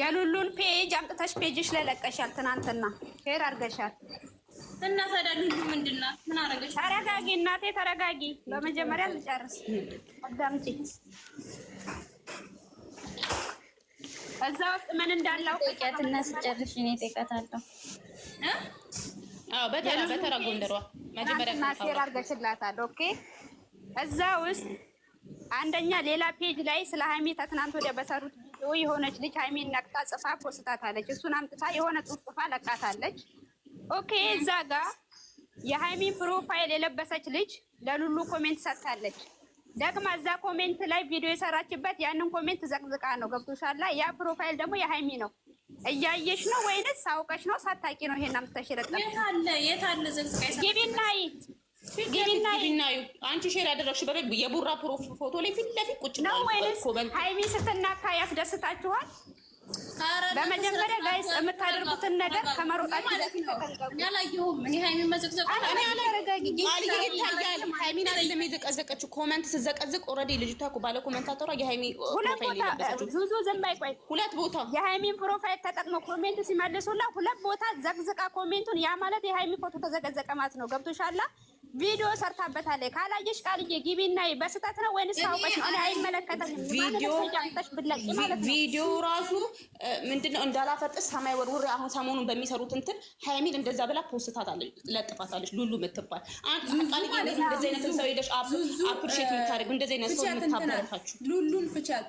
የሉሉን ፔጅ አምጥተሽ ፔጅሽ ላይ ለቀሻል። ትናንትና ሼር አድርገሻል። እና ታዲያ ሉሉ ምንድን ናት? ምን አደረገች? ተረጋጊ እናቴ ተረጋጊ። በመጀመሪያ ልጨርስ አዳምጪ። እዛ ውስጥ ምን እንዳለው እና ስጨርሽ እኔ እጠይቃታለሁ። አዎ በተራ በተራ ጎንደሯ መጀመሪያ ሼር አድርገሽላታል። ኦኬ እዛ ውስጥ አንደኛ ሌላ ፔጅ ላይ ስለ ሀይሜ ትናንት ወዲያ በሰሩት የሆነች ልጅ ሀይሜን ነቅታ ጽፋ ፖስታታለች። እሱን አምጥታ የሆነ ጽሑፍ ጽፋ ለቃታለች። ኦኬ እዛ ጋ የሀይሜን ፕሮፋይል የለበሰች ልጅ ለሉሉ ኮሜንት ሰጥታለች። ደግሞ እዛ ኮሜንት ላይ ቪዲዮ የሰራችበት ያንን ኮሜንት ዘቅዝቃ ነው። ገብቶሻላ? ያ ፕሮፋይል ደግሞ የሀይሚ ነው። እያየሽ ነው ወይንስ አውቀሽ ነው? ሳታቂ ነው ይሄን አምጥተሽ የለጠ የታለ የታለ ዘቅዝቃ ግቢና አንቺ ሼር ያደረግሽው በበ የቡራ ፕሮፍ ፎቶ ላይ ፊት ለፊት ቁጭ ነው ወይስ ሀይሚ ስትናካ ያስደስታችኋል? በመጀመሪያ ጋይስ የምታደርጉትን ነገር ከመሮጣችሁ በፊት ያላየሁም ኮመንት ስዘቀዝቅ ኦልሬዲ ልጅቷ እኮ ባለ ኮመንታተሯ የሀይሚ ሁለት ቦታ ዙዙ ዝም ሁለት ቦታ የሀይሚን ፕሮፋይል ተጠቅሞ ኮሜንት ሲመልሱላ ሁለት ቦታ ዘቅዝቃ ኮሜንቱን ያ ማለት የሀይሚ ፎቶ ተዘቀዘቀ ማለት ነው። ገብቶሻላ ቪዲዮ ሰርታበታለች። ካላየሽ ቃልዬ ግቢና በስተት ነው ወይንስ አውቀሽ ነው? አይመለከተኝም። ቪዲዮ ራሱ ምንድነው እንዳላፈጥስ ሰማይ ወርውር። አሁን ሰሞኑን በሚሰሩት እንትን ሀይሚል እንደዛ ብላ ፖስታታለች፣ ለጥፋታለች። ሉሉ የምትባል እንደዚህ አይነት ሰው ሄደሽ አፕሪሼት የምታደርግ እንደዚህ አይነት ሰው የምታበረታችሁ ሉሉን ፍቻት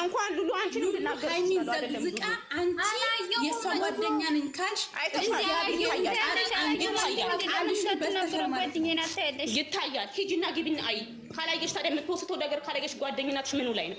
እንኳን ሉሉ አንቺን እንድናገር ዘቅዝቃ አንቺ የእሷ ጓደኛ ነኝ ካልሽ ይታያል። ሂጂና ግቢና አይ ካላየሽ ታዲያ የምትወስተው ነገር ካላየሽ ጓደኝነትሽ ምኑ ላይ ነው?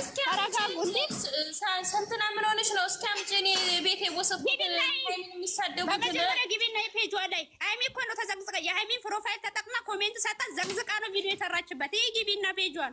እስኪ አራጋቡ እንዴ ሰንትና ላይ ሀይሚ እኮ ተዘግዝቀ የሀይሚን ፕሮፋይል ተጠቅማ ኮሜንት ሰጣት ዘግዝቃ ነው ቪዲዮ የሰራችበት። ይህ ግቢና ፔጇን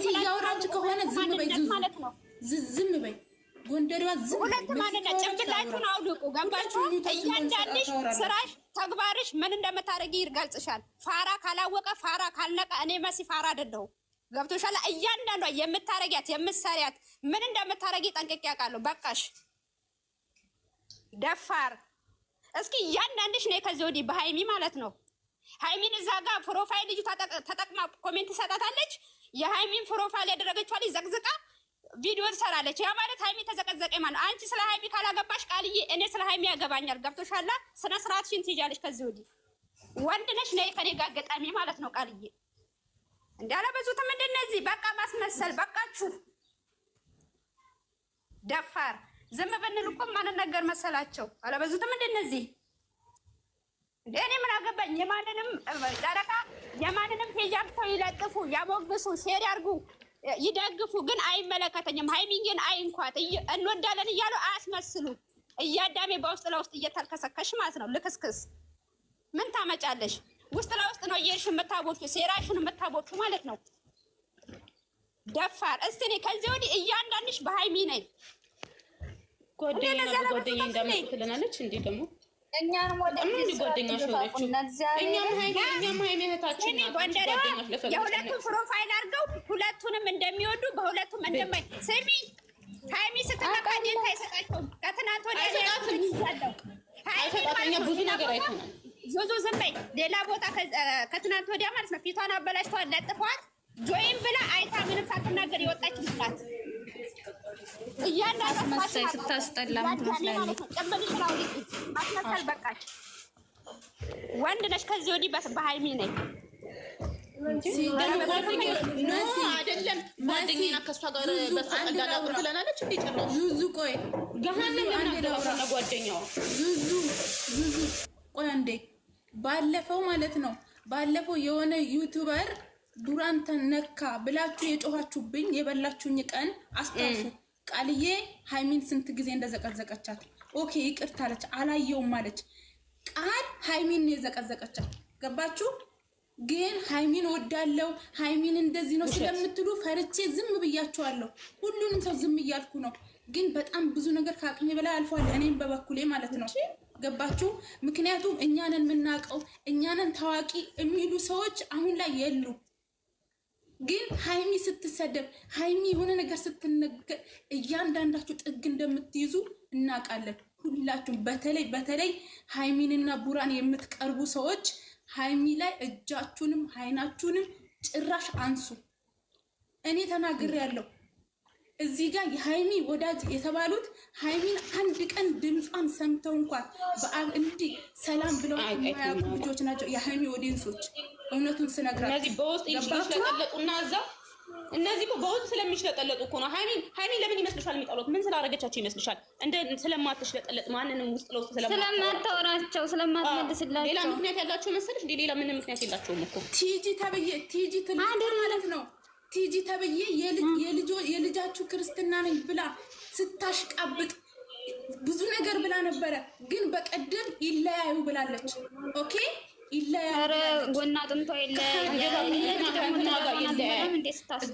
እንደዚህ እያወራች ከሆነ ዝም በይ፣ ዝም በይ ጎንደሪዋ ዝም ሁለት ማለት ነው። ጭንቅላችሁን አውልቁ። ገባችሁ? እያንዳንድሽ ስራሽ፣ ተግባርሽ ምን እንደምታደርጊ ይገልጽሻል። ፋራ ካላወቀ ፋራ ካልነቀ እኔ መሲ ፋራ አይደለሁም። ገብቶሻል? እያንዳንዷ የምታረጊያት የምትሰሪያት ምን እንደምታረጊ ጠንቅቄ አውቃለሁ። በቃሽ ደፋር እስኪ እያንዳንድሽ እኔ ከዚህ ወዲህ በሀይሚ ማለት ነው ሀይሚን እዛ ጋር ፕሮፋይል ልጁ ተጠቅማ ኮሜንት ይሰጣታለች። የሀይሚን ፕሮፋይል ያደረገችው ዘቅዝቃ ቪዲዮ ትሰራለች። ያ ማለት ሀይሚ ተዘቀዘቀ ማለት አንቺ ስለ ሀይሚ ካላገባሽ ቃልዬ እኔ ስለ ሀይሚ ያገባኛል። ገብቶሻላ? ስነ ስርዓትሽን ትይዣለሽ። ከዚህ ወዲህ ወንድ ነሽ ነይ ከኔ ጋር ገጣሚ ማለት ነው ቃልዬ። እንዳለበዙትም እንደነዚህ በቃ ማስመሰል በቃችሁ። ደፋር ዝም ብንል እኮ ማንን ነገር መሰላቸው። አለበዙትም እንደነዚህ እኔ ምን አገባኝ? የማንንም ጨረቃ የማንንም ፔጅ አብተው ይለጥፉ፣ ያሞግሱ፣ ሼር ያርጉ፣ ይደግፉ፣ ግን አይመለከተኝም። ሀይሚንጌን አይ እንኳት እንወዳለን እያሉ አያስመስሉ እያዳሜ በውስጥ ለውስጥ እየተልከሰከሽ ማለት ነው። ልክስክስ ምን ታመጫለሽ? ውስጥ ለውስጥ ነው እየሄድሽ የምታቦቹ ሴራሽን የምታቦቹ ማለት ነው። ደፋር እስቲ እኔ ከዚህ ወዲህ እያንዳንድሽ በሃይሚ ነኝ ጓደኛ ጓደኛ እንደምትለናለች እንዲህ ደግሞ እኛም ፕሮፋይል አድርገው ሁለቱንም እንደሚወዱ በሁለቱም እንደማይ ስሚ ሀይሚ ስትከፋኝ አይሰጣቸውም። ከትናንት ወዲያ ዙዙ ዝም በይ። ሌላ ቦታ ከትናንት ወዲያ ማለት ነው ፊቷን አበላሽተዋል። ለጥፏት ጆይን ብላ አይታ ምንም ሳትናገር የወጣች ምክላት አስመሳይ ስታስጠላ ምትመስላለች። በቃች። ወንድ ነች። ከዚህ ወዲህ በሀይሚ ነኝ ባለፈው ማለት ነው ባለፈው የሆነ ዩቱበር ዱራንተን ነካ ብላችሁ የጮኋችሁብኝ የበላችሁኝ ቀን አስታውሱ። ቃልዬ ሃይሚን ስንት ጊዜ እንደዘቀዘቀቻት ኦኬ ይቅርታ አለች፣ አላየውም አለች። ቃል ሃይሚን ነው የዘቀዘቀቻት። ገባችሁ? ግን ሃይሚን ወዳለው ሃይሚን እንደዚህ ነው ስለምትሉ ፈርቼ ዝም ብያችኋለሁ። ሁሉንም ሰው ዝም እያልኩ ነው። ግን በጣም ብዙ ነገር ከአቅሜ በላይ አልፏል። እኔም በበኩሌ ማለት ነው። ገባችሁ? ምክንያቱም እኛንን የምናውቀው እኛንን ታዋቂ የሚሉ ሰዎች አሁን ላይ የሉ ግን ሀይሚ ስትሰደብ ሀይሚ የሆነ ነገር ስትነገር እያንዳንዳችሁ ጥግ እንደምትይዙ እናውቃለን። ሁላችሁም በተለይ በተለይ ሀይሚንና ቡራን የምትቀርቡ ሰዎች ሀይሚ ላይ እጃችሁንም አይናችሁንም ጭራሽ አንሱ። እኔ ተናግሬ ያለው እዚህ ጋር የሀይሚ ወዳጅ የተባሉት ሀይሚን አንድ ቀን ድምጿን ሰምተው እንኳን በአብ እንዲህ ሰላም ብለው የማያውቁ ልጆች ናቸው የሀይሚ ወዲንሶች እውነቱን ስነግራችሁ እነዚህ በውስጥ ይሽለጠለጡና እዛ እነዚህ በውስጥ ስለሚሽለጠለጡ እኮ ነው። ሃይሚ ሃይሚ ለምን ይመስልሻል የሚጠሉት? ምን ስላደረገቻቸው ይመስልሻል? እንደ ስለማትሽለጠለጥ ማንንም ውስጥ ለውስጥ ስለማታወራቸው ስለማትመልስላቸው ሌላ ምክንያት ያላቸው መሰለሽ? ሌላ ምንም ምክንያት የላቸውም እኮ ቲጂ ተብዬ ቲጂ ትልቅ ማለት ነው ቲጂ ተብዬ የልጃችሁ ክርስትና ነኝ ብላ ስታሽቃብጥ ብዙ ነገር ብላ ነበረ፣ ግን በቀደም ይለያዩ ብላለች። ኦኬ ጎና አጥንቷ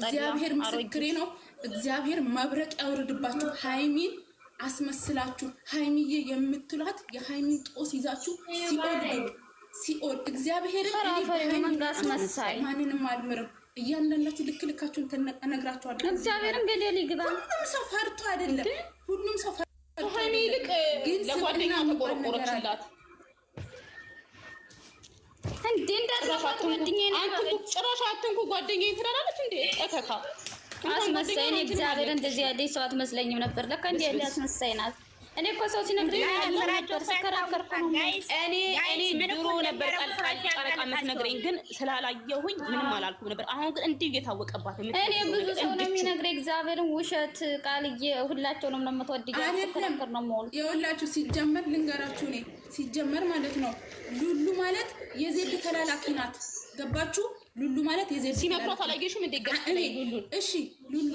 እግዚአብሔር ምስክሬ ነው። እግዚአብሔር መብረቅ ያውርድባችሁ። ሀይሚን አስመስላችሁ ሀይሚዬ የምትሏት የሀይሚን ጦስ ይዛችሁ ሲኦል ሲኦል እግዚአብሔር ማንንም አልምርም። እያንዳንዳችሁ ልክ ልካችሁን እነግራችኋለሁ። እግዚአብሔርም ገደል ይግባ። ሁሉም ሰው ፈርቶ አይደለም፣ ሁሉም ሰው ፈርቶ ይልቅ ለጓደኛ ተቆረቆረችላት እንዴ እንዳትረፋት ወንድኛ አንኩ እንደዚህ ያለኝ ሰው አትመስለኝም ነበር። ለካ እንዲህ ያለ አስመሳይ ናት። እኔ እኮ ሰው ሲነግረኝ እኔ እኔ ድሮ ነበር ጨረቃ የምትነግረኝ፣ ግን ስላላየሁኝ ምንም አላልኩም ነበር። አሁን ግን እንዲሁ እየታወቀባት እኔ ብዙ ሰው ነው የሚነግረኝ። እግዚአብሔርን ውሸት ቃልዬ ሁላቸውንም ነው የምትወድያ ነው መሆኑ የሁላችሁ ሲጀመር ልንገራችሁ፣ እኔ ሲጀመር ማለት ነው ሉሉ ማለት የዜድ ተላላኪ ናት። ገባችሁ? ሉሉ ማለት የዜድ ሲመክሯት አላየሽም እንዴ? እሺ ሉሉ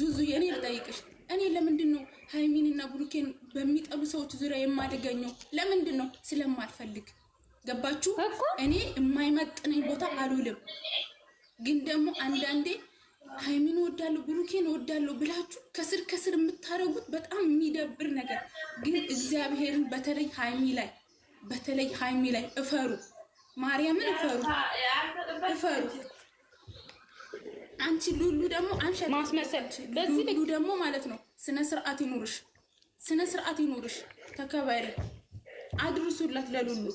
ዙዙ የእኔ ልጠይቅሽ እኔ ለምንድን ነው ሀይሚንና ብሩኬን በሚጠሉ ሰዎች ዙሪያ የማልገኘው? ለምንድን ነው? ስለማልፈልግ። ገባችሁ? እኔ የማይመጥነኝ ቦታ አልውልም። ግን ደግሞ አንዳንዴ ሀይሚን እወዳለሁ ብሩኬን እወዳለሁ ብላችሁ ከስር ከስር የምታደርጉት በጣም የሚደብር ነገር ግን እግዚአብሔርን በተለይ ሀይሚ ላይ በተለይ ሀይሚ ላይ እፈሩ፣ ማርያምን እፈሩ፣ እፈሩ አንቺ ሉሉ ደግሞ ማስመሰል ሉሉ ደግሞ ማለት ነው። ስነ ስርዓት ይኑርሽ፣ ስነ ስርዓት ይኑርሽ። ተከበሪ፣ አድርሱላት ለሉሉ።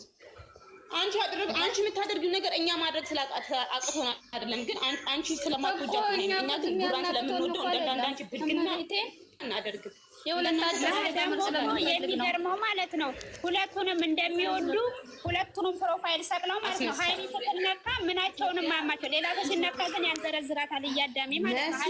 አንቺ አድርግ አንቺ የምታደርጊው ነገር እኛ ማድረግ ስላቃተና አይደለም፣ ግን አንቺ ስለማትወጃት ነው። እኛ ግን ጉራን ስለምንወደው እንደ እንዳንዳንቺ ብልግና እናደርግም የሚገርመው ማለት ነው ሁለቱንም እንደሚወዱ ሁለቱንም ፕሮፋይል ሰቅለው ማለት ነው። ሀይሚ ስትነካ ምናቸውንም አያማቸው። ሌላ ሰው ሲነካ ግን ያንዘረዝራታል እያዳሜ ማለት ነው።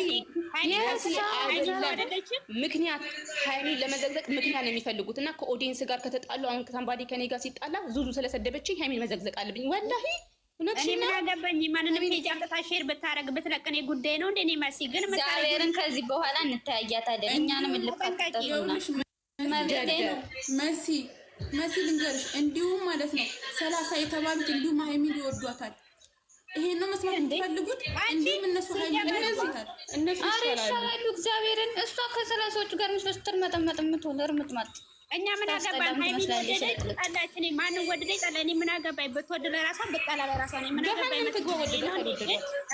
ምክንያት ሀይሚ ለመዘግዘቅ ምክንያት ነው የሚፈልጉት እና ከኦዲየንስ ጋር ከተጣሉ አሁን ከሳምባዴ ከኔ ጋር ሲጣላ ዙዙ ስለሰደበችኝ ሀይሚን መዘግዘቅ አለብኝ ወላሂ እኔ ምን ሼር ብታረግ ብትለቅ እኔ ጉዳይ ነው እንደ እኔ ግን ከዚህ በኋላ እንተያያታለን። እኛንም ልፋመሲ መሲ ልንገርሽ፣ እንዲሁም ማለት ነው ሰላሳ የተባሉት እንዲሁም ሀይሚ ይወዷታል። ይሄን ነው መስማት የምትፈልጉት? እንዲሁም እነሱ ሀይሚ ይወዷታል። እነሱ ይሻላሉ። እግዚአብሔርን እሷ ከሰላሳዎቹ ጋር ምስለ ስትርመጠመጥ የምትሆን እርምጥማጥ እኛ ምን አገባን? ሀይሚ ወደደች እኔ ማንም ወደደኝ ጠላ፣ እኔ ምን አገባኝ? ብትወድ ለራሷ ብጠላ ለራሷ ነው። ምን አገባኝ?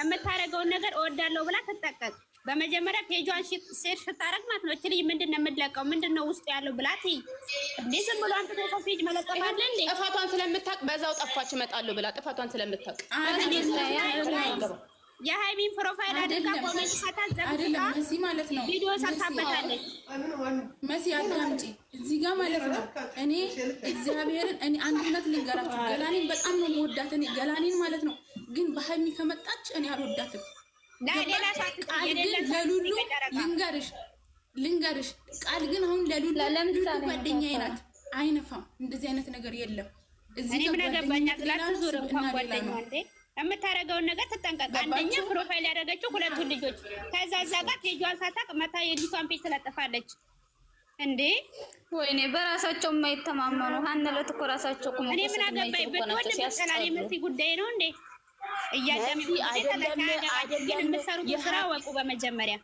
የምታደርገውን ነገር እወዳለሁ ብላ ትጠቀቅ። በመጀመሪያ ፔጇን ሴት ስታረግ ማለት ነው። እችል ምንድን ነው የምትለቀው? ምንድን ነው ውስጥ ያለው ብላት እንዴ ዝም ብሎ አንተ ተሰው ፔጅ መለጠፍ እንዴ? ጥፋቷን ስለምታውቅ በዛው ጠፋች እመጣለሁ ብላ ጥፋቷን ስለምታውቅ የሃይሚን ፕሮፋይል አድርጋ ኮሜንት ሳታዘብታ መሲ ማለት ነው ቪዲዮ ሰርታበታለች። መሲ አዳምጪ፣ እዚህ ጋር ማለት ነው እኔ እግዚአብሔርን እኔ አንድነት ልንገራችሁ፣ ገላኔን በጣም ነው የምወዳት እኔ ገላኔን ማለት ነው። ግን በሃይሚ ከመጣች እኔ አልወዳትም። ቃል ግን ለሉሉ ልንገርሽ ልንገርሽ፣ ቃል ግን አሁን ለሉሉ ጓደኛዬ ናት፣ አይነፋም። እንደዚህ አይነት ነገር የለም። እዚህ ጋር ጓደኛ ሌላ ነው፣ ስብዕና ሌላ ነው የምታደርገውን ነገር ትጠንቀቅ። አንደኛ ፕሮፋይል ያደረገችው ሁለቱን ልጆች ከዛ እዛ ጋር ፔጇን ሳታቅ መታ የልጅቷን ፔጅ ትለጥፋለች። እንዴ ወይኔ፣ በራሳቸው የማይተማመኑ ሀንለት እኮ ራሳቸው እኮ እኔ ምን አገባኝ ብትወድ ብጠላ መሲ ጉዳይ ነው እንዴ? እያዳሚ ጉዳይ ተለካ የምትሰሩት ስራ ወቁ በመጀመሪያ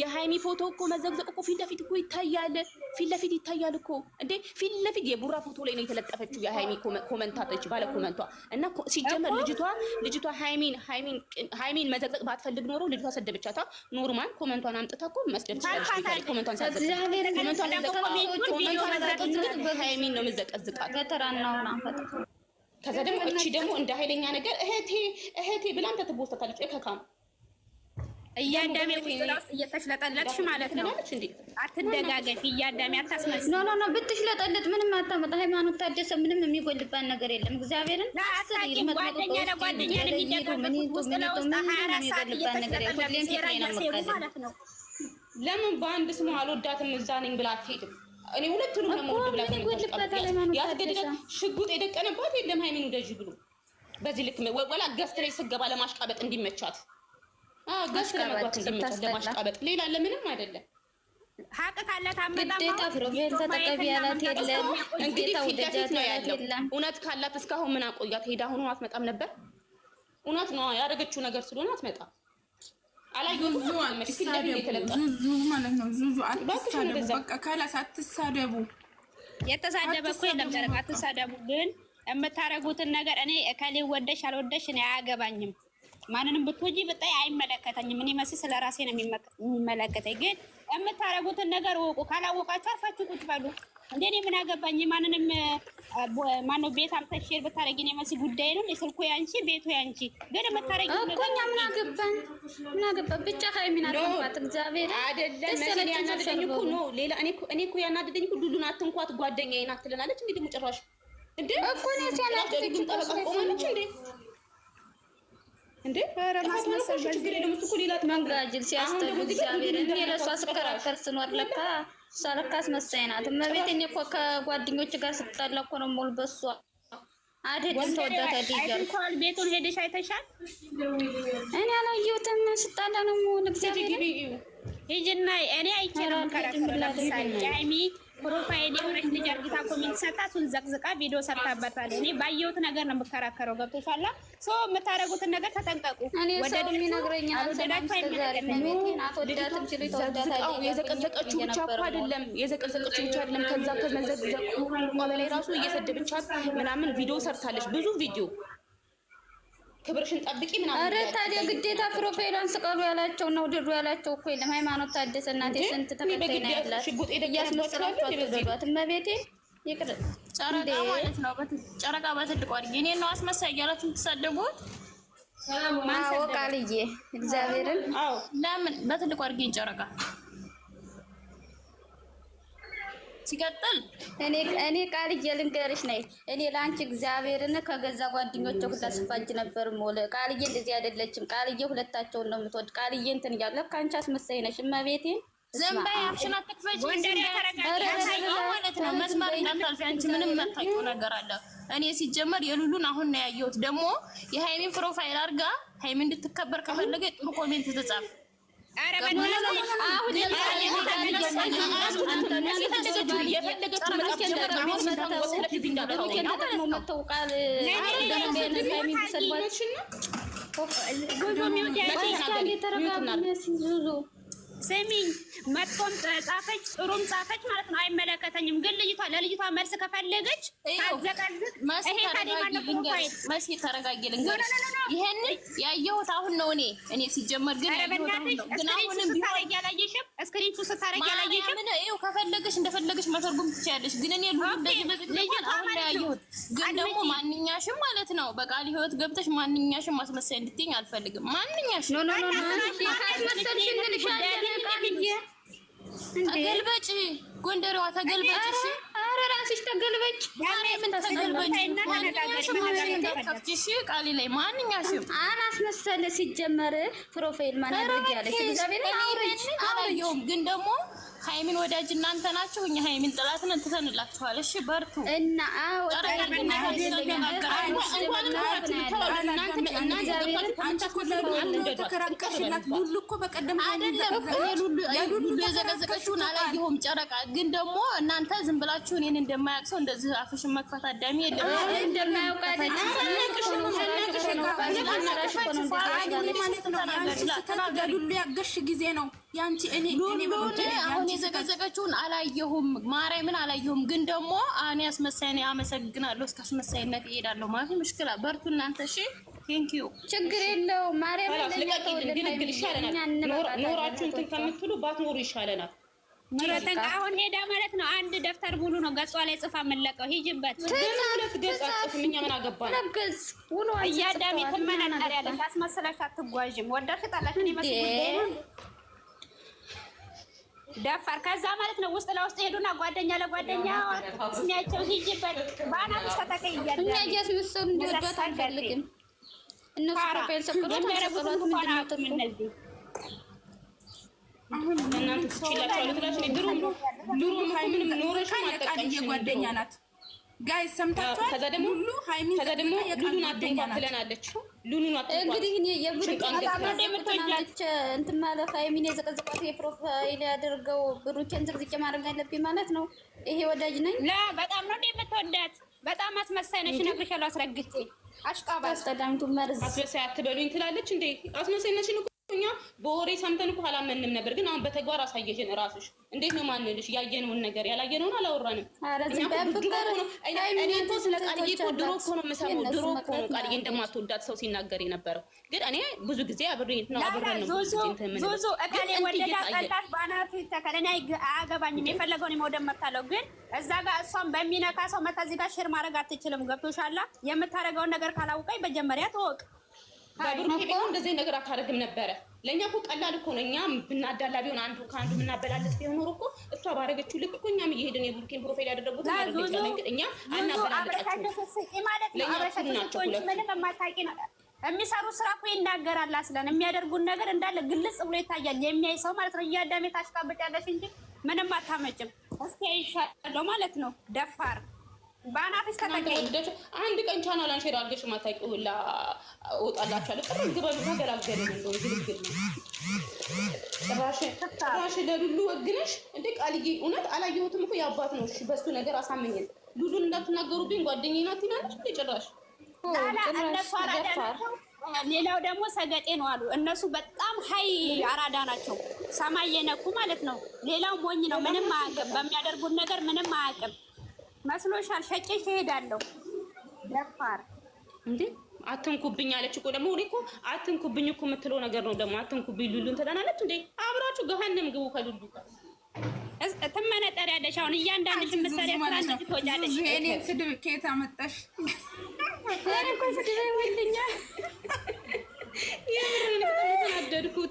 የሃይሚ ፎቶ እኮ መዘግዘቅ እኮ ፊት ለፊት እኮ ይታያል። ፊት ለፊት ይታያል እኮ እንዴ! ፊት ለፊት የቡራ ፎቶ ላይ ነው የተለጠፈችው የሃይሚ ኮመንታቶች ባለ ኮመንቷ እና ሲጀመር ልጅቷ ልጅቷ ሃይሚን ሃይሚን ሃይሚን መዘግዘቅ ባትፈልግ ኖሮ ልጅቷ ሰደበቻታ። ኖርማል ኮመንቷን አምጥታ እኮ መስደብ ትችላለች። ኮመንቷን ሳዘግዘቅ ኮመንቷን ሃይሚን ነው የምዘቀዝቃት ከዛ ደግሞ እቺ ደግሞ እንደ ሀይለኛ ነገር እህቴ እህቴ ብላም ተትቦስተታለች ከካም እያዳሜ እየተሽለጠለጥሽ ማለት ነው። አትደጋገፊ። እያዳሜ ኖ ኖ ኖ ብትሽለጠለጥ ምንም አታመጣ። ሃይማኖት ታደሰ ምንም ነገር የለም። እግዚአብሔርን ጓደኛ ለጓደኛ ለምን በአንድ ስሙ አልወዳትም እዛ ነኝ ብላ አትሄድም። እኔ ሽጉጥ የደቀነባት የለም ብሎ በዚህ ልክ ወላ ገፍት ላይ ስገባ ለማሽቃበጥ እንዲመቻት ጋስ ለመግባት ተቀምጫ ለማሽቃበጥ ሌላ ለምንም አይደለም። ሀቅ ካለ ፕሮፌል ተጠቀቢ ያላት የለም። እንግዲህ ፊት ለፊት ነው ያለው። እውነት ካላት እስካሁን ምን አቆያት? ሄዳ አትመጣም ነበር። እውነት ነው ያደረገችው ነገር ስለሆነ አትመጣም። ዙዙ ማለት ነው። ዙዙ አትሳደቡ፣ በቃ ከላስ አትሳደቡ። የተሳደበ እኮ የለም። አትሳደቡ ግን ነገር እኔ ከሌ ወደሽ አልወደሽ እኔ አያገባኝም። ማንንም ብትወጂ ብታይ አይመለከተኝም። እኔ መሲ ስለ ራሴ ነው የሚመለከተኝ። ግን የምታደርጉትን ነገር ወቁ። ካላወቃችሁ አርፋችሁ ቁጭ በሉ። እንደ እኔ ምን አገባኝ? ማንንም ማነ ቤት አምጥተሽ ሼር ብታደርጊ እኔ መሲ ጉዳይ ነው። ስልኩ ያንቺ፣ ቤቱ ያንቺ። ግን የምታደርጊው እኮ እኛ ምን አገባን? ምን አገባን ብቻ ሀይሚን አትንኳት። እግዚአብሔር አይደለም መሲ ያናደደኝ እኮ ነው። ሌላ እኔ እኔ እኮ ያናደደኝ እኮ ዱዱን አትንኳት፣ ጓደኛዬ ናት ትለናለች። እንዴ ደግሞ ጭራሽ እንዴ እኮ ነው ያናደደኝ። ጠበቃ ቆማለች እንዴ እንዴ ኧረ ማስመሰል ችግር የለም። እሱ እኮ ሲያስተሉ ለእሷ ስከራከር ስኖር ለካ እሷ ለካ አስመሳይ ናት። እኔ እኮ ከጓደኞች ጋር ስጠላ እኮ ነው በሷ አደድም ተወዳታል ቤቱን ሄደሽ አይተሻል? እኔ አላየሁትም። ስጠላ ነው ሂጂና እኔ አይቼ ነው ከራከር ፕሮፋይል የሆነች ልጅ አርጊታ ኮሜንት ሰታ እሱን ዘቅዝቃ ቪዲዮ ሰርታበታል። እኔ ባየሁት ነገር ነው የምከራከረው። ገብቶሻል? ሶ የምታደርጉትን ነገር ተጠንቀቁ። ወደድ የዘቀዘቀችው ብቻ እኮ አይደለም የዘቀዘቀችው ብቻ አይደለም። ከዛ ከመዘቅዘቁ በላይ ራሱ እየሰደበቻት ምናምን ቪዲዮ ሰርታለች ብዙ ቪዲዮ ክብርሽን ጠብቂ ምናምን። ኧረ ታዲያ ግዴታ ፕሮፋይሏን ስቀሉ ያላቸው ነው ድሩ ያላቸው እኮ የለም። ሃይማኖት ታደሰ እናቴ ስንት ተከታይ ነው ያላት ማወቃልዬ እግዚአብሔርን ለምን በትልቁ አድርጌ ጨረቃ ሲቀጥል እኔ እኔ ቃልዬ ልንገርሽ ነይ እኔ ለአንቺ እግዚአብሔርን ከገዛ ጓደኞቼ ሁላ ስፋጅ ነበር ሞለ ቃልዬ እንደዚህ አይደለችም። ቃልዬ ሁለታቸውን ነው የምትወድ። ቃልዬ እንትን እያሉ ለካ አንቺ አስመሳይ ነሽ እመቤቴ። ነው። ምንም ነገር አለ። እኔ ሲጀመር የሉሉን አሁን ነው ያየሁት። ደግሞ የሃይሚን ፕሮፋይል አድርጋ ሃይሚ እንድትከበር ከፈለገ ጥሩ ኮሜንት ትጻፍ አሁን ስሚኝ መጥፎም ጻፈች ጥሩም ጻፈች ማለት ነው፣ አይመለከተኝም። ግን ልጅቷ ለልጅቷ መልስ ከፈለገች ታዘቀዝቅ። ይሄ ተረጋጊ፣ ልንገርሽ ያየሁት አሁን ነው። እኔ እኔ ሲጀመር ግን ግን አሁንም ያላየሽም ይኸው ከፈለገሽ እንደፈለገሽ መተርጎም ትችያለሽ። ግን እኔ ሉሉ እንደዚህ አሁን ነው ያየሁት። ግን ደግሞ ማንኛሽም ማለት ነው በቃል ህይወት ገብተሽ ማንኛሽም ማስመሳይ እንድትይኝ አልፈልግም። ማንኛሽም ተገልበጭ፣ ጎንደሬዋ ተገልበጭ። እሺ፣ ኧረ እራስሽ ተገልበጭ። ማርያምን ተገልበጭ። እሺ፣ ቃሌ ላይ ማንኛሽም አላስመሰለ ሲጀመር ፕሮፋይል ማናደርግ ያለሽ ግን ደግሞ ሀይሚን ወዳጅ እናንተ ናችሁ፣ እኛ ሀይሚን ጥላት ነን። ትተንላችኋል። እሺ በርቱ እና የዘቀዘቀችውን አላየሁም። ጨረቃ ግን ደግሞ እናንተ ዝም ብላችሁ እኔን እንደማያውቅ ሰው እንደዚህ አፍሽን መክፈት አዳሚ የለም ያንቺ ያገሽ ጊዜ ነው ያንቺ እኔ የዘቀዘቀችውን አላየሁም፣ ማርያምን አላየሁም። ግን ደግሞ እኔ አስመሳይ ነኝ፣ አመሰግናለሁ። እስከ አስመሳይነት እሄዳለሁ ማለት ምሽክላ በርቱ እናንተ። እሺ ቴንክ ዩ። ችግር የለው ማርያም፣ ግን እግል ይሻለናል። ኖራችሁ እንትን ከምትሉ ባትኖሩ ይሻለናል። ምረተን አሁን ሄዳ ማለት ነው። አንድ ደብተር ሙሉ ነው ገጿ ላይ ጽፋ የምንለቀው። ሂጅበት ሁለት ገጽ አጽፍም እኛ ምን አገባን? እያዳሚ ትመናጠር ያለ አትጓዥም። ወደድሽ ጠላሽ ይመስል ደፋር ከዛ ማለት ነው። ውስጥ ለውስጥ ሄዱና ጓደኛ ለጓደኛ ስሚያቸው ሲጅበት ባናት ተተከይ እያለ እኛ ኢየሱስን እንዲወዷት አልፈልግም። እነሱ ፕሮፋይል ሰቅሎት አሰቅሎት ምንድነው እነዚህ አሁን እናንተ ትላሽ ድሩ ድሩ ምንም ኖረሽ ጓደኛ ናት ጋይ ሰምታችኋል። ከዛ ሉሉ ሃይሚን ከዛ ደግሞ ሉሉን አትንኳት ትለናለች። ሉሉን አትንኳት እንግዲህ እኔ የብሩክ እንትን ማለት ሃይሚን የዘቀዘቋት የፕሮፋይል ያደርገው ብሩኬን ዝቅዝቅ ማድረግ አለብኝ ማለት ነው። ይሄ ወዳጅ ነኝ ላ በጣም ነው የምትወዳት። በጣም አስመሳይ ነሽ እነግርሻለሁ፣ አስረግጬ መርዝ አስመሳይ አትበሉኝ ትላለች እንዴ! አስመሳይ ነሽ እኛ በወሬ ሰምተን እኮ አላመንም ነበር፣ ግን አሁን በተግባር አሳየሽን። እራስሽ እንዴት ነው ማንልሽ? ያየነውን ነገር ያላየነውን አላወራንም። እኔ እኮ ስለ ቃልዬ እኮ ድሮ እኮ ነው የምሰማው። ድሮ እኮ ነው ቃልዬ እንደማትወዳት ሰው ሲናገር የነበረው። ግን እኔ ብዙ ጊዜ አብሬት ነው አብሬት ነው ዙዙ እከሌ ወደዳ ጠላት በአናቱ ይተካል። እኔ አያገባኝም። የፈለገውን የመውደድ መብት አለው። ግን እዛ ጋር እሷን በሚነካ ሰው መታ እዚህ ጋር ሼር ማድረግ አትችልም። ገብቶሻላ? የምታደርገውን ነገር ካላውቀኝ መጀመሪያ ተወቅ በብሩኮ እንደዚህ ነገር አታደርግም ነበረ። ለእኛ እኮ ቀላል እኮ ነው። እኛ ብናዳላ ቢሆን አንዱ ከአንዱ የምናበላለስ ቢሆን ኖሮ እኮ እሷ ባደረገችው ልክ እኮ እኛም እየሄድን የብሩኬን ፕሮፋይል ያደረጉት እኛ አናበላለጣቸው። የሚሰሩ ስራ እኮ ይናገራል። አስለን የሚያደርጉን ነገር እንዳለ ግልጽ ብሎ ይታያል። የሚያይ ሰው ማለት ነው። እያዳሜ ታሽቃበጫለሽ እንጂ ምንም አታመጭም። እስኪ አይሻለው ማለት ነው ደፋር በአናትሽ ተጠቀኝ። አንድ ቀን ቻናል ሼር አድርገሽ የማታውቂው ሁላ እወጣላችኋለሁ። ቅድም ግበሉ ተገላገልን እንደው ግልግል ጭራሽ ለሉሉ ወግነሽ እንደ ቃልዬ እውነት አላየሁትም እኮ የአባት ነው። እሺ በሱ ነገር አሳመኝን። ሉሉን እንዳትናገሩብኝ ጓደኛዬ ናት ትላለች እንደ ጭራሽ ሌላው ደግሞ ሰገጤ ነው አሉ እነሱ። በጣም ሀይ አራዳ ናቸው፣ ሰማይ የነኩ ማለት ነው። ሌላው ሞኝ ነው፣ ምንም አያውቅም። በሚያደርጉት ነገር ምንም አያውቅም። መስሎሻል? ሸጬሽ ትሄዳለሁ። ደፋር እንዴ! አትንኩብኝ አለች እኮ ደግሞ። እኔ እኮ አትንኩብኝ እኮ የምትለው ነገር ነው ደግሞ። አትንኩብኝ ሉሉን ትጠናለች እንዴ! አብራችሁ ገሀነም ግቡ ከሉሉ ጋር ትመነጠሪያለሽ። አሁን እያንዳንድሽ የምትሰሪያ ስራ እንደዚህ ትወጫለሽ። እኔ ስድብ ከየት አመጣሽ? ኧረ እኮ ስድብ ይወልኛል። የምሬን ነው የተናደድኩት።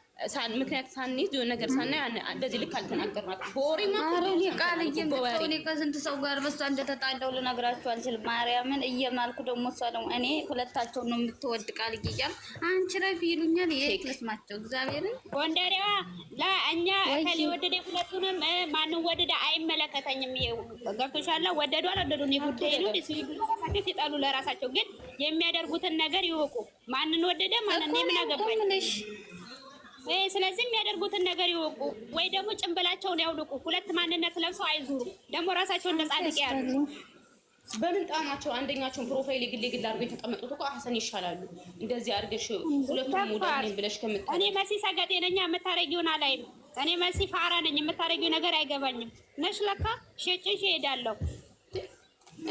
ምክንያት ሳንይዝ የሆነ ነገር ሳናይ እንደዚህ ልክ አልተናገርናት። በወሬ ቃልዬ ከስንት ሰው ጋር በሷ እንደተጣለው ልነግራችሁ አልችልም። ማርያምን እየማልኩ ደግሞ እሷ ደግሞ እኔ ሁለታቸው ነው የምትወድ ቃል እያልኩ አንቺ ረፊ ይሉኛል። የት ልስማቸው? እግዚአብሔርን ጎንደሬዋ እኛ ወደደ ሁለቱንም ማንም ወደደ አይመለከተኝም። ገብቶሻል። ወደዱ አልወደዱ ጉዳይ ነው። ሲጠሉ ለራሳቸው ግን የሚያደርጉትን ነገር ይወቁ። ማንን ወደደ ማንን የምናገባኝ ስለዚህ የሚያደርጉትን ነገር ይወቁ፣ ወይ ደግሞ ጭንብላቸውን ያውልቁ። ሁለት ማንነት ለብሰው አይዙሩ። ደግሞ ራሳቸውን እንደ ጻድቅ ያሉ በምንጣማቸው አንደኛቸውን ፕሮፋይል ግል ግል አድርገው የተቀመጡት እኮ አህሰን ይሻላሉ። እንደዚህ አድርገሽ ሁለቱም ሙዳኔን ብለሽ ከምታ እኔ መሲ ሰገጤነኛ የምታረጊውን አላይም። እኔ መሲ ፋራ ነኝ። የምታረጊው ነገር አይገባኝም። ነሽ ለካ ሸጭሽ ይሄዳለሁ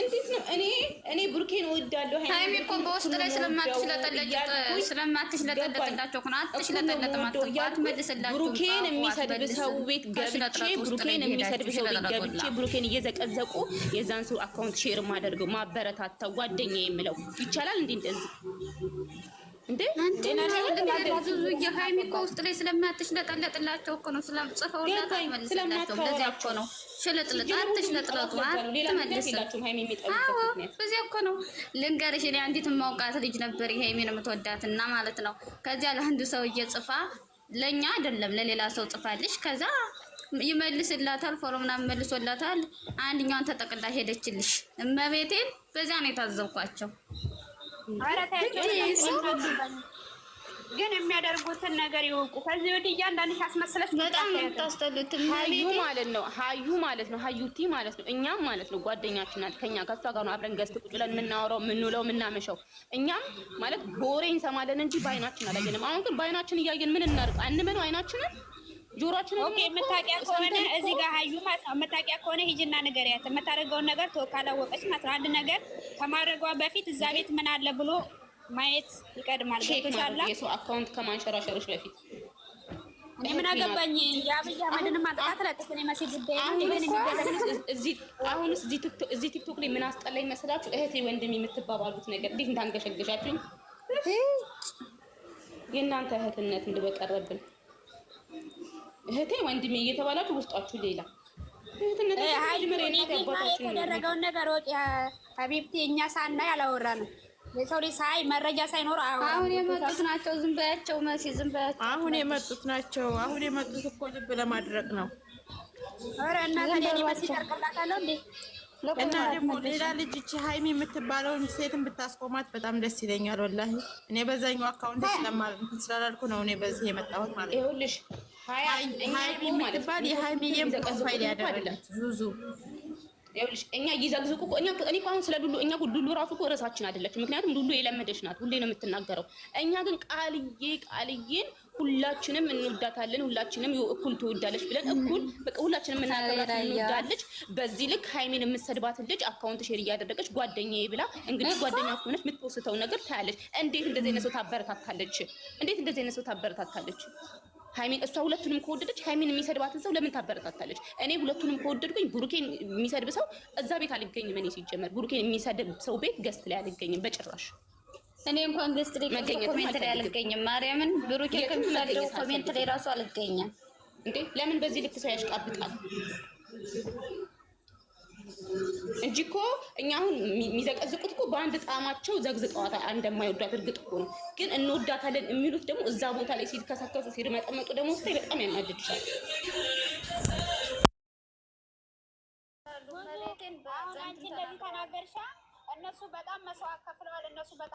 እንዴት ነው እኔ እኔ ብሩኬን እወዳለሁ። ሀይሚ እኮ በውስጥ ላይ ስለማትሽለጠለጥላቸው ብሩኬን የሚሰድብ ሰው ቤት ገብቼ ብሩኬን የሚሰድብ ሰው ቤት ገብቼ ብሩኬን እየዘቀዘቁ የዛን ሰው አካውንት ሼር ማደርገው ማበረታታው ጓደኛ የምለው ይቻላል እንዴ እንደዚህ እንዴ ውስጥ ላይ ስለማትሽለጠለጥላቸው እኮ ነው ጽፈውላት አትመልስላቸውም። ለዚያ እኮ ነው ሽልጥልጥ አትሽለጥለጡ እኮ ነው ልንገርሽ፣ እኔ አንዲት ማውቃት ልጅ ነበር የሀይሚን የምትወዳት እና ማለት ነው። ከዚያ ለአንዱ ሰውዬ ጽፋ ለእኛ አይደለም ለሌላ ሰው ጽፋልሽ ከዛ ይመልስላታል ፎሎ ምናምን መልሶላታል። አንድኛዋን ተጠቅላ ሄደችልሽ። እመቤቴን በዚያ ነው የታዘብኳቸው። ግን የሚያደርጉትን ነገር ይወቁ። ከዚህ ወዲህ እያንዳንድ አስመስለሽ በጣም የምታስጠሉት ሀዩ ማለት ነው። ሀዩ ማለት ነው። ሀዩቲ ማለት ነው። እኛም ማለት ነው ጓደኛችን ናት። ከኛ ከሷ ጋር ነው አብረን ገዝት ቁጭ ብለን የምናወራው የምንውለው የምናመሸው። እኛም ማለት በወሬ እንሰማለን እንጂ በአይናችን አላየንም። አሁን ግን በአይናችን እያየን ምን እናርቅ? አንመነው አይናችንን ጆሮችን ኦኬ። መታቂያ ከሆነ እዚህ ጋር ሀዩ መታቂያ ከሆነ ሂጅና ነገር ንገሪያት የምታደርገውን ነገር ካላወቀች ማለት ነው። አንድ ነገር ከማድረጓ በፊት እዛ ቤት ምን አለ ብሎ ማየት ይቀድማል። ገብቶሻል? የሰው አካውንት ከማንሸራሸሮች በፊት እኔ ምን አገባኝ? የአብይ አህመድንም አጥቃት ለጥፍኔ መሲ ጉዳይ አሁንስ እዚህ ቲክቶክ ላይ ምን አስጠላኝ መስላችሁ? እህቴ ወንድም የምትባባሉት ነገር እንዴት እንዳንገሸገሻችሁኝ የእናንተ እህትነት እንድበቀረብን እህቴ ወንድሜ እየተባላችሁ ውስጣችሁ ሌላ የተደረገውን ነገር ወቅ ሀቢብቲ እኛ ሳና ያላወራ ነው የሰው ልጅ ሳይ መረጃ ሳይኖር አሁን የመጡት ናቸው። ዝም በያቸው መሲ፣ ዝም በያቸው። አሁን የመጡት ናቸው። አሁን የመጡት እኮ ልብ ለማድረግ ነው። ኧረ እና ታዲያ መሲ ጠርቅላታለሁ እንዴ እና ደግሞ ሌላ ልጅ እቺ ሀይሚ የምትባለውን ሴትን ብታስቆማት በጣም ደስ ይለኛል። ወላሂ እኔ በዛኛው አካውንት ስለማለት ስላላልኩ ነው እኔ በዚህ የመጣሁት ማለት ነው። የምትባል የሀይሚዬም ፕሮፋይል ያደረገች ዙዙ ይኸውልሽ እኛ ይዘግዝቁ እኛ እኔ እኮ አሁን ስለ ዱሉ እኛ ዱሉ ራሱ እኮ ርዕሳችን አይደለችም። ምክንያቱም ዱሉ የለመደች ናት፣ ሁሌ ነው የምትናገረው። እኛ ግን ቃልዬ ቃልዬን ሁላችንም እንወዳታለን፣ ሁላችንም እኩል ትወዳለች ብለን እኩል በቃ ሁላችንም እናገራት እንወዳለች። በዚህ ልክ ሀይሜን የምሰድባትን ልጅ አካውንት ሼር እያደረገች ጓደኛዬ ብላ እንግዲህ ጓደኛ ከሆነች የምትወስተው ነገር ታያለች። እንዴት እንደዚህ አይነት ሰው ታበረታታለች? እንዴት እንደዚህ አይነት ሰው ታበረታታለች? ሃይሚን እሷ ሁለቱንም ከወደደች ሃይሚን የሚሰድባትን ሰው ለምን ታበረታታለች? እኔ ሁለቱንም ከወደድኩኝ ብሩኬን የሚሰድብ ሰው እዛ ቤት አልገኝም። እኔ ሲጀመር ብሩኬን የሚሰድብ ሰው ቤት ገስት ላይ አልገኝም በጭራሽ። እኔ እንኳን ገስት ላይ ኮሜንት ላይ አልገኝም። ማርያምን ብሩኬን ከሚሰድብ ኮሜንት ላይ ራሱ አልገኝም እንዴ! ለምን በዚህ ልክ ሰው ያሽቃብጣል? እንጂ እኮ እኛ አሁን የሚዘቀዝቁት እኮ በአንድ ጣማቸው ዘግዝቀዋታል። እንደማይወዳት እርግጥ እኮ ነው፣ ግን እንወዳታለን የሚሉት ደግሞ እዛ ቦታ ላይ ሲልከሰከሱ ሲርመጠመጡ ደግሞ ስታይ በጣም ያናድድሻል። እነሱ በጣም መስዋዕት ከፍለዋል። እነሱ በጣም